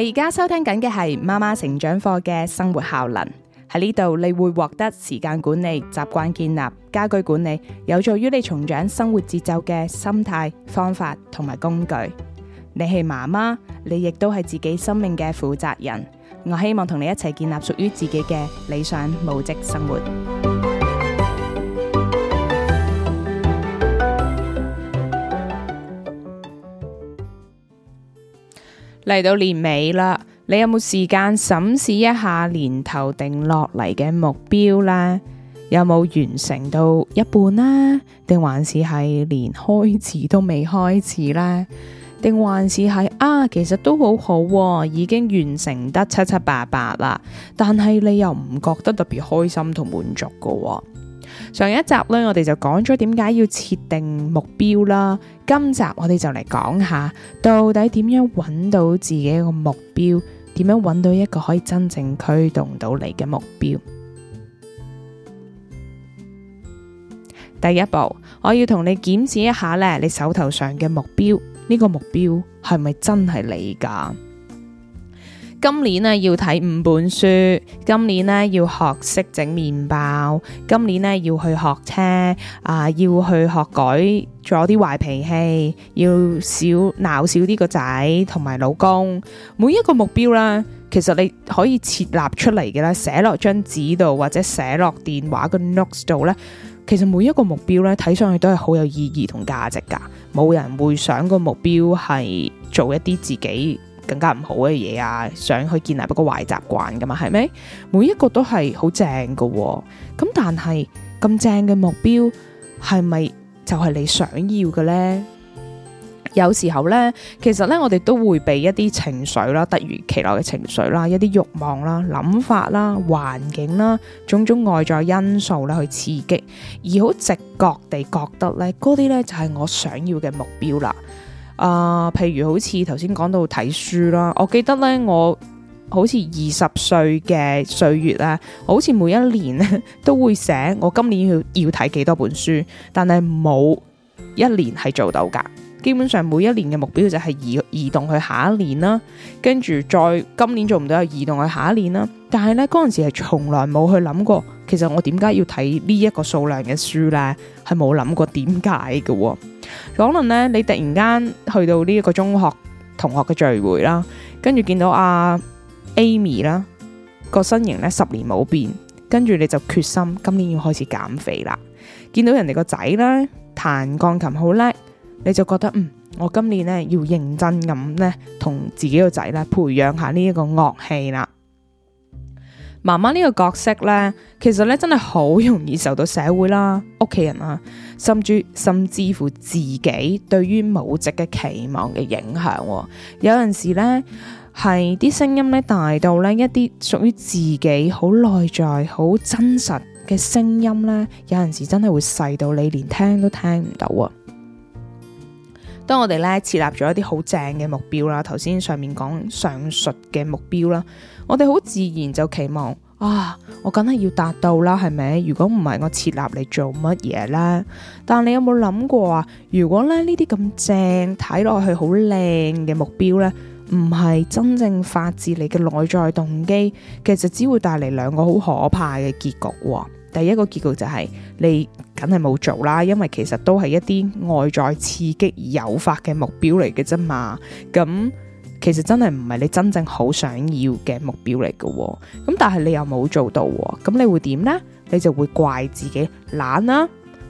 你而家收聽緊嘅係媽媽成長課嘅生活效能，喺呢度你會獲得時間管理、習慣建立、家居管理，有助於你重掌生活節奏嘅心態、方法同埋工具。你係媽媽，你亦都係自己生命嘅負責人。我希望同你一齊建立屬於自己嘅理想母職生活。嚟到年尾啦，你有冇時間審視一下年頭定落嚟嘅目標呢？有冇完成到一半咧？定還是係連開始都未開始呢？定還是係啊？其實都好好，啊，已經完成得七七八八啦，但係你又唔覺得特別開心同滿足噶，啊？上一集咧，我哋就講咗點解要設定目標啦。今集我哋就嚟講下，到底點樣揾到自己個目標？點樣揾到一個可以真正驅動到你嘅目標？第一步，我要同你檢視一下呢，你手頭上嘅目標，呢個目標係咪真係你噶？今年咧要睇五本書，今年咧要學識整麵包，今年咧要去學車，啊、呃、要去學改咗啲壞脾氣，要少鬧少啲個仔同埋老公。每一個目標啦，其實你可以設立出嚟嘅啦，寫落張紙度或者寫落電話個 notes 度咧，其實每一個目標咧，睇上去都係好有意義同價值噶冇人會想個目標係做一啲自己。更加唔好嘅嘢啊，想去建立一個壞習慣噶嘛，係咪？每一個都係好正噶哦，咁但係咁正嘅目標係咪就係你想要嘅呢？有時候呢，其實呢，我哋都會被一啲情緒啦、突如其來嘅情緒啦、一啲欲望啦、諗法啦、環境啦、種種外在因素咧去刺激，而好直覺地覺得呢嗰啲呢，就係我想要嘅目標啦。啊，譬如好似頭先講到睇書啦，我記得咧，我好似二十歲嘅歲月咧，好似每一年咧都會寫我今年要要睇幾多本書，但係冇一年係做到噶。基本上每一年嘅目標就係移移動去下一年啦，跟住再今年做唔到就移動去下一年啦。但係咧嗰陣時係從來冇去諗過，其實我點解要睇呢一個數量嘅書咧，係冇諗過點解嘅。可能咧，你突然間去到呢一個中學同學嘅聚會啦，跟住見到阿、啊、Amy 啦，個身形咧十年冇變，跟住你就決心今年要開始減肥啦。見到人哋個仔咧彈鋼琴好叻，你就覺得嗯，我今年咧要認真咁咧同自己個仔咧培養下呢一個樂器啦。媽媽呢個角色呢，其實呢，真係好容易受到社會啦、屋企人啊，甚至甚至乎自己對於母職嘅期望嘅影響喔。有陣時呢，係啲聲音呢大到呢一啲屬於自己好內在、好真實嘅聲音呢，有陣時真係會細到你連聽都聽唔到啊喔！當我哋咧設立咗一啲好正嘅目標啦，頭先上面講上述嘅目標啦，我哋好自然就期望啊，我梗係要達到啦，係咪？如果唔係，我設立嚟做乜嘢咧？但你有冇諗過啊？如果咧呢啲咁正、睇落去好靚嘅目標咧，唔係真正發自你嘅內在動機，其實只會帶嚟兩個好可怕嘅結局喎。第一個結局就係、是，你梗係冇做啦，因為其實都係一啲外在刺激而誘發嘅目標嚟嘅啫嘛。咁、嗯、其實真係唔係你真正好想要嘅目標嚟嘅，哦、咁、嗯、但係你又冇做到，啊，咁你會點呢？你就會怪自己懶啦、啊、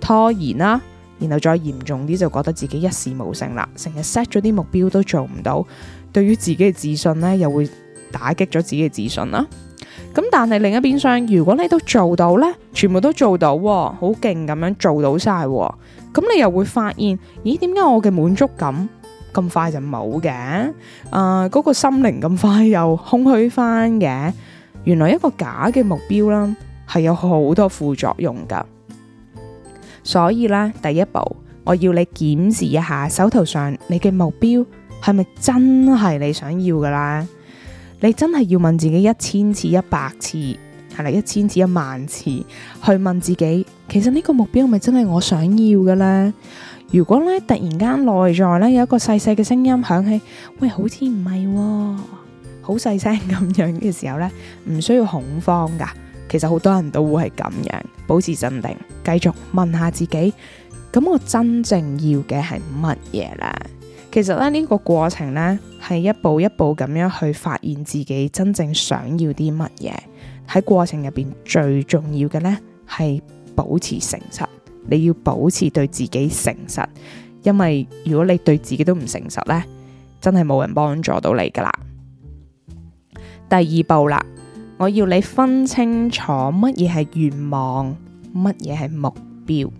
拖延啦，啊，然後再嚴重啲就覺得自己一事無成啦，成日 set 咗啲目標都做唔到，對於自己嘅自信呢，又會打擊咗自己嘅自信啦、啊。咁但係另一邊廂，如果你都做到咧，全部都做到，好勁咁樣做到晒，咁你又會發現，咦？點解我嘅滿足感咁快就冇嘅？啊，嗰個心靈咁快又空虛翻嘅？原來一個假嘅目標啦，係有好多副作用噶。所以咧，第一步，我要你檢視一下手頭上你嘅目標，係咪真係你想要噶啦？你真係要問自己一千次，一百次，係咪一千次、一萬次去問自己？其實呢個目標係咪真係我想要嘅呢？如果咧突然間內在咧有一個細細嘅聲音響起，喂，好似唔係喎，好細聲咁樣嘅時候呢，唔需要恐慌噶。其實好多人都會係咁樣，保持鎮定，繼續問下自己。咁我真正要嘅係乜嘢呢？」其實咧，呢、這個過程呢，係一步一步咁樣去發現自己真正想要啲乜嘢。喺過程入邊，最重要嘅呢，係保持誠實，你要保持對自己誠實。因為如果你對自己都唔誠實呢，真係冇人幫助到你噶啦。第二步啦，我要你分清楚乜嘢係願望，乜嘢係目標。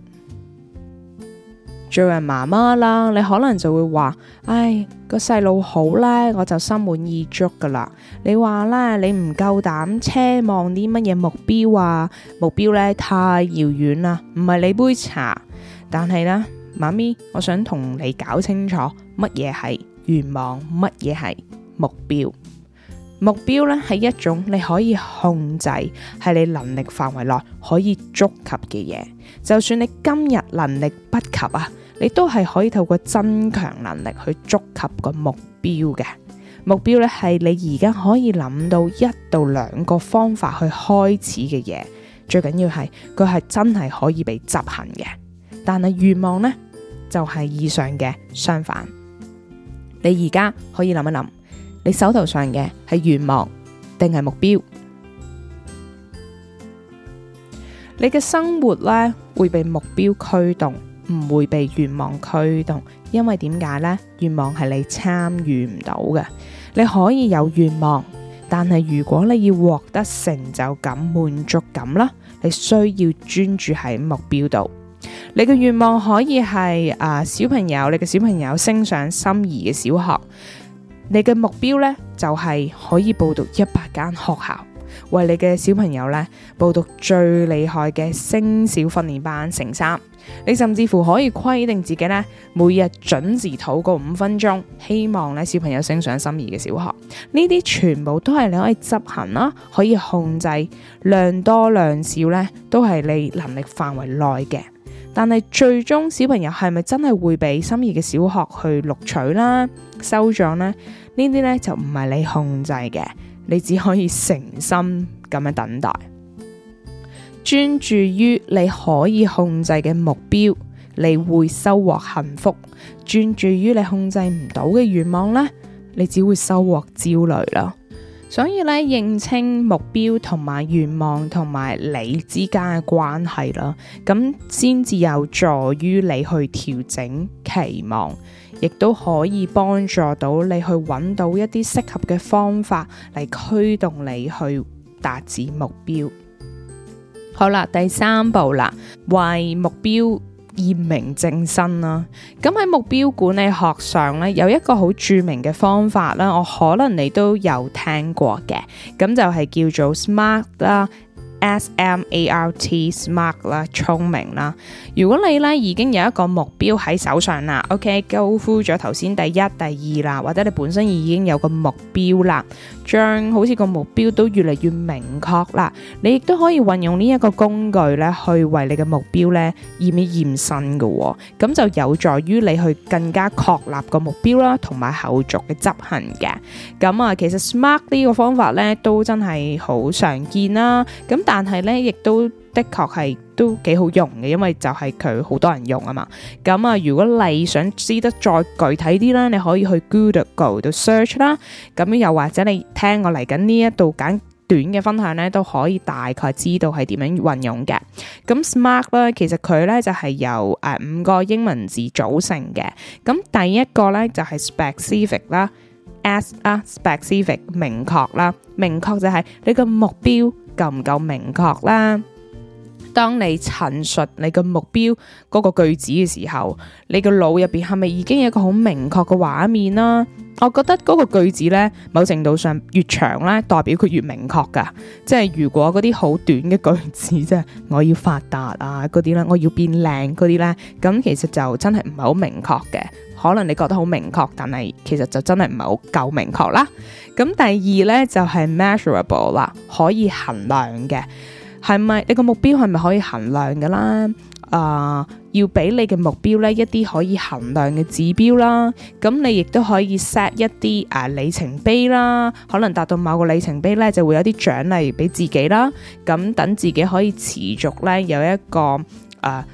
作為媽媽啦，你可能就會話：唉、哎，個細路好呢，我就心滿意足噶啦。你話呢，你唔夠膽奢望啲乜嘢目標啊？目標呢，太遙遠啦，唔係你杯茶。但係呢，媽咪，我想同你搞清楚乜嘢係願望，乜嘢係目標？目標呢係一種你可以控制，係你能力範圍內可以觸及嘅嘢。就算你今日能力不及啊。你都係可以透過增強能力去觸及個目標嘅。目標咧，係你而家可以諗到一到兩個方法去開始嘅嘢，最緊要係佢係真係可以被執行嘅。但係願望呢，就係以上嘅相反。你而家可以諗一諗，你手頭上嘅係願望定係目標？你嘅生活呢，會被目標驅動。唔會被願望驅動，因為點解呢？願望係你參與唔到嘅。你可以有願望，但係如果你要獲得成就感、滿足感啦，你需要專注喺目標度。你嘅願望可以係誒、呃、小朋友，你嘅小朋友升上心儀嘅小學。你嘅目標呢，就係、是、可以報讀一百間學校，為你嘅小朋友呢報讀最厲害嘅升小訓練班乘三。你甚至乎可以規定自己呢，每日準時禱告五分鐘，希望咧小朋友升上心儀嘅小學。呢啲全部都係你可以執行啦，可以控制量多量少呢都係你能力範圍內嘅。但係最終小朋友係咪真係會俾心儀嘅小學去錄取啦、收咗呢，呢啲呢就唔係你控制嘅，你只可以誠心咁樣等待。專注於你可以控制嘅目標，你會收穫幸福；專注於你控制唔到嘅願望呢，你只會收穫焦慮啦。所以咧，認清目標同埋願望同埋你之間嘅關係啦，咁先至有助於你去調整期望，亦都可以幫助到你去揾到一啲適合嘅方法嚟驅動你去達至目標。好啦，第三步啦，為目標驗明正身啦。咁喺目標管理學上咧，有一個好著名嘅方法啦，我可能你都有聽過嘅。咁就係叫做 SMART 啦，S M A R T，SMART 啦，聰明啦。如果你咧已經有一個目標喺手上啦，OK，高呼咗頭先第一、第二啦，或者你本身已經有個目標啦。將好似個目標都越嚟越明確啦，你亦都可以運用呢一個工具咧，去為你嘅目標咧驗一驗身㗎，咁就有助於你去更加確立個目標啦，同埋後續嘅執行嘅。咁啊，其實 SMART 呢個方法咧，都真係好常見啦。咁但係咧，亦都的確係。都幾好用嘅，因為就係佢好多人用啊嘛。咁、嗯、啊，如果你想知得再具體啲啦，你可以去 Google Go 度 search 啦。咁、嗯、又或者你聽我嚟緊呢一度簡短嘅分享呢，都可以大概知道係點樣運用嘅。咁、嗯、SMART 咧，其實佢呢就係、是、由誒、呃、五個英文字組成嘅。咁、嗯、第一個呢，就係、是、specific 啦，as 啊 specific，明確啦，明確就係你個目標夠唔夠明確啦。當你陳述你個目標嗰個句子嘅時候，你個腦入邊係咪已經有一個好明確嘅畫面啦？我覺得嗰個句子呢，某程度上越長呢，代表佢越明確噶。即係如果嗰啲好短嘅句子，即係我要發達啊嗰啲啦，我要變靚嗰啲呢，咁其實就真係唔係好明確嘅。可能你覺得好明確，但係其實就真係唔係好夠明確啦。咁第二呢，就係 measurable 啦，可以衡量嘅。係咪你個目標係咪可以衡量噶啦？啊、uh,，要俾你嘅目標呢一啲可以衡量嘅指標啦。咁你亦都可以 set 一啲啊、uh, 里程碑啦，可能達到某個里程碑呢就會有啲獎勵俾自己啦。咁等自己可以持續呢有一個啊。Uh,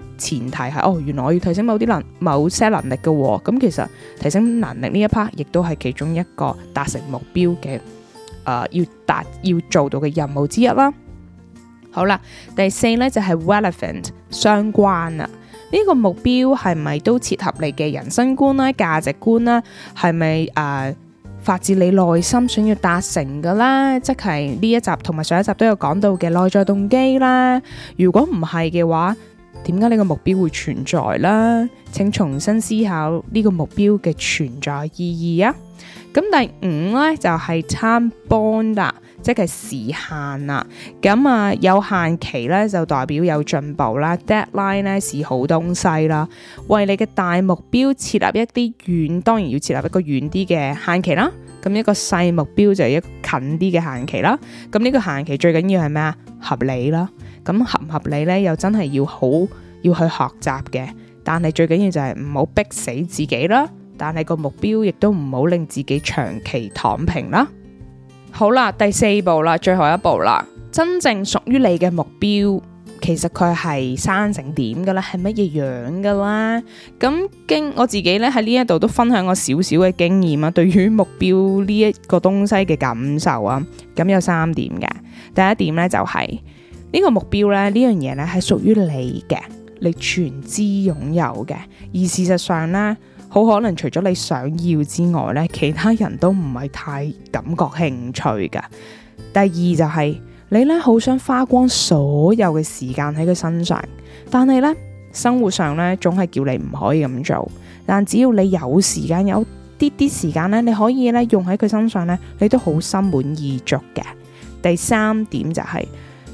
前提係哦，原來我要提升某啲能某些能力嘅、哦，咁、嗯、其實提升能力呢一 part 亦都係其中一個達成目標嘅誒、呃，要達要做到嘅任務之一啦。好啦，第四呢就係、是、relevant 相關啊，呢、這個目標係咪都切合你嘅人生觀啦、價值觀啦？係咪誒發自你內心想要達成嘅啦？即係呢一集同埋上一集都有講到嘅內在動機啦。如果唔係嘅話，點解呢個目標會存在啦？請重新思考呢個目標嘅存在意義啊！咁、嗯、第五呢，就係、是、time bound 啊，即係時限啊。咁、嗯、啊，有限期呢，就代表有進步啦。Deadline 呢，是好東西啦，為你嘅大目標設立一啲遠，當然要設立一個遠啲嘅限期啦。咁、嗯、一個細目標就係一個近啲嘅限期啦。咁、嗯、呢、這個限期最緊要係咩啊？合理啦。咁合唔合理呢？又真係要好要去學習嘅，但係最緊要就係唔好逼死自己啦。但係個目標亦都唔好令自己長期躺平啦。好啦，第四步啦，最後一步啦，真正屬於你嘅目標，其實佢係生成點噶啦，係乜嘢樣噶啦？咁經我自己呢，喺呢一度都分享個少少嘅經驗啊，對於目標呢一個東西嘅感受啊，咁有三點嘅。第一點呢，就是，就係。呢個目標咧，呢樣嘢咧係屬於你嘅，你全知擁有嘅。而事實上呢，好可能除咗你想要之外呢，其他人都唔係太感覺興趣噶第二就係、是、你呢，好想花光所有嘅時間喺佢身上，但係呢，生活上呢，總係叫你唔可以咁做。但只要你有時間，有啲啲時間呢，你可以呢用喺佢身上呢，你都好心滿意足嘅。第三點就係、是，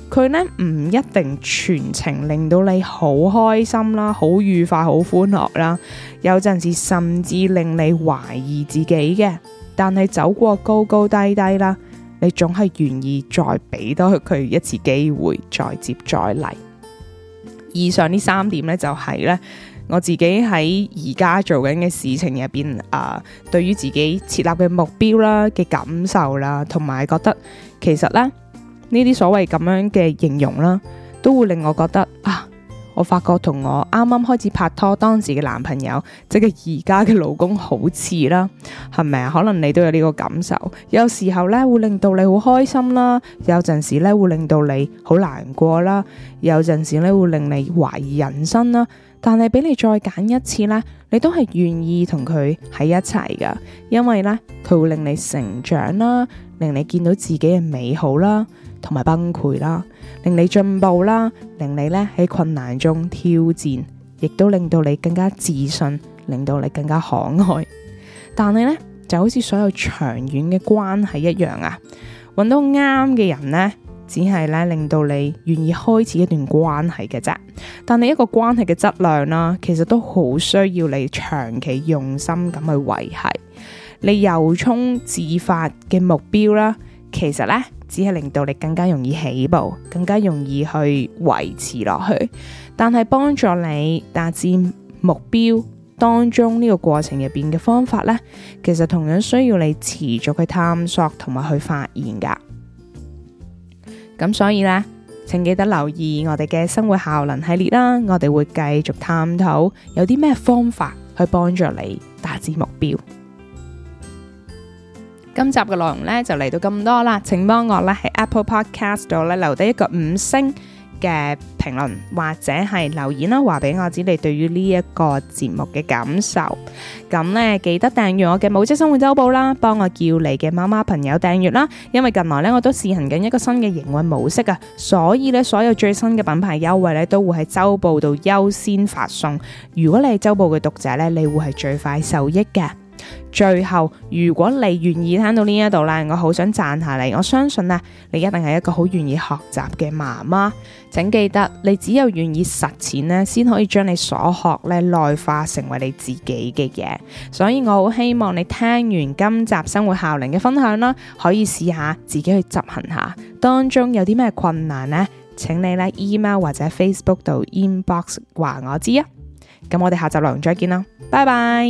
佢呢唔一定全程令到你好開心啦，好愉快，好歡樂啦。有陣時甚至令你懷疑自己嘅，但係走過高高低低啦，你總係願意再俾多佢一次機會，再接再厲。以上呢三點呢，就係呢我自己喺而家做緊嘅事情入邊啊，對於自己設立嘅目標啦嘅感受啦，同埋覺得其實呢。呢啲所謂咁樣嘅形容啦，都會令我覺得啊。我發覺同我啱啱開始拍拖當時嘅男朋友，即係而家嘅老公好似啦，係咪啊？可能你都有呢個感受。有時候呢，會令到你好開心啦，有陣時呢，會令到你好難過啦，有陣時呢，會令你懷疑人生啦。但係俾你再揀一次呢，你都係願意同佢喺一齊㗎，因為呢，佢會令你成長啦，令你見到自己嘅美好啦。同埋崩潰啦，令你進步啦，令你呢喺困難中挑戰，亦都令到你更加自信，令到你更加可愛但係呢，就好似所有長遠嘅關係一樣啊，揾到啱嘅人呢，只係呢令到你願意開始一段關係嘅啫。但係一個關係嘅質量啦，其實都好需要你長期用心咁去維繫。你由衷自發嘅目標啦，其實呢。只係令到你更加容易起步，更加容易去維持落去，但係幫助你達至目標當中呢個過程入邊嘅方法呢，其實同樣需要你持續去探索同埋去發現噶。咁所以呢，請記得留意我哋嘅生活效能系列啦，我哋會繼續探討有啲咩方法去幫助你達至目標。今集嘅內容咧就嚟到咁多啦，請幫我咧喺 Apple Podcast 度咧留低一個五星嘅評論或者係留言啦，話俾我知你對於呢一個節目嘅感受。咁咧記得訂閱我嘅《母職生活周報》啦，幫我叫你嘅媽媽朋友訂閱啦。因為近來咧我都試行緊一個新嘅營運模式啊，所以咧所有最新嘅品牌優惠咧都會喺周報度優先發送。如果你係周報嘅讀者咧，你會係最快受益嘅。最後，如果你願意聽到呢一度啦，我好想讚下你。我相信呢，你一定係一個好願意學習嘅媽媽。請記得，你只有願意實踐呢，先可以將你所學呢內化成為你自己嘅嘢。所以我好希望你聽完今集生活效能嘅分享啦，可以試下自己去執行下。當中有啲咩困難呢？請你呢 email 或者 Facebook 度 inbox 話我知啊。咁我哋下集內容再見啦，拜拜。